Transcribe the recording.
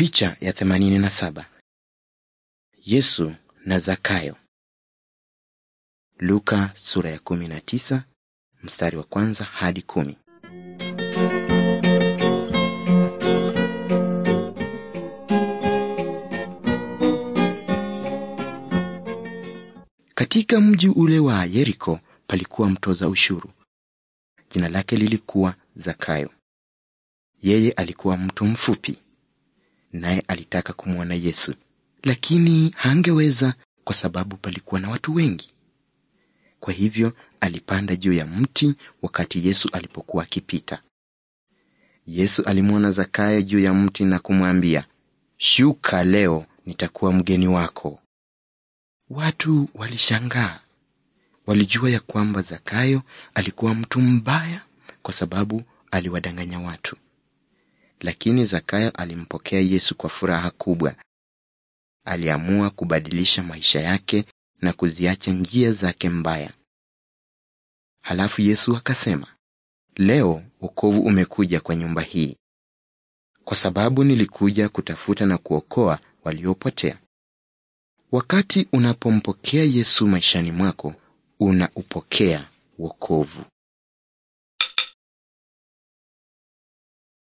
Picha ya 87. Yesu na Zakayo. Luka sura ya 19 mstari wa kwanza hadi kumi. Katika mji ule wa Yeriko palikuwa mtoza ushuru. Jina lake lilikuwa Zakayo. Yeye alikuwa mtu mfupi naye alitaka kumwona Yesu, lakini hangeweza kwa sababu palikuwa na watu wengi. Kwa hivyo alipanda juu ya mti wakati Yesu alipokuwa akipita. Yesu alimwona Zakayo juu ya mti na kumwambia, "Shuka leo, nitakuwa mgeni wako." Watu walishangaa. Walijua ya kwamba Zakayo alikuwa mtu mbaya kwa sababu aliwadanganya watu. Lakini Zakayo alimpokea Yesu kwa furaha kubwa. Aliamua kubadilisha maisha yake na kuziacha njia zake mbaya. Halafu Yesu akasema, leo wokovu umekuja kwa nyumba hii, kwa sababu nilikuja kutafuta na kuokoa waliopotea. Wakati unapompokea Yesu maishani mwako, unaupokea wokovu.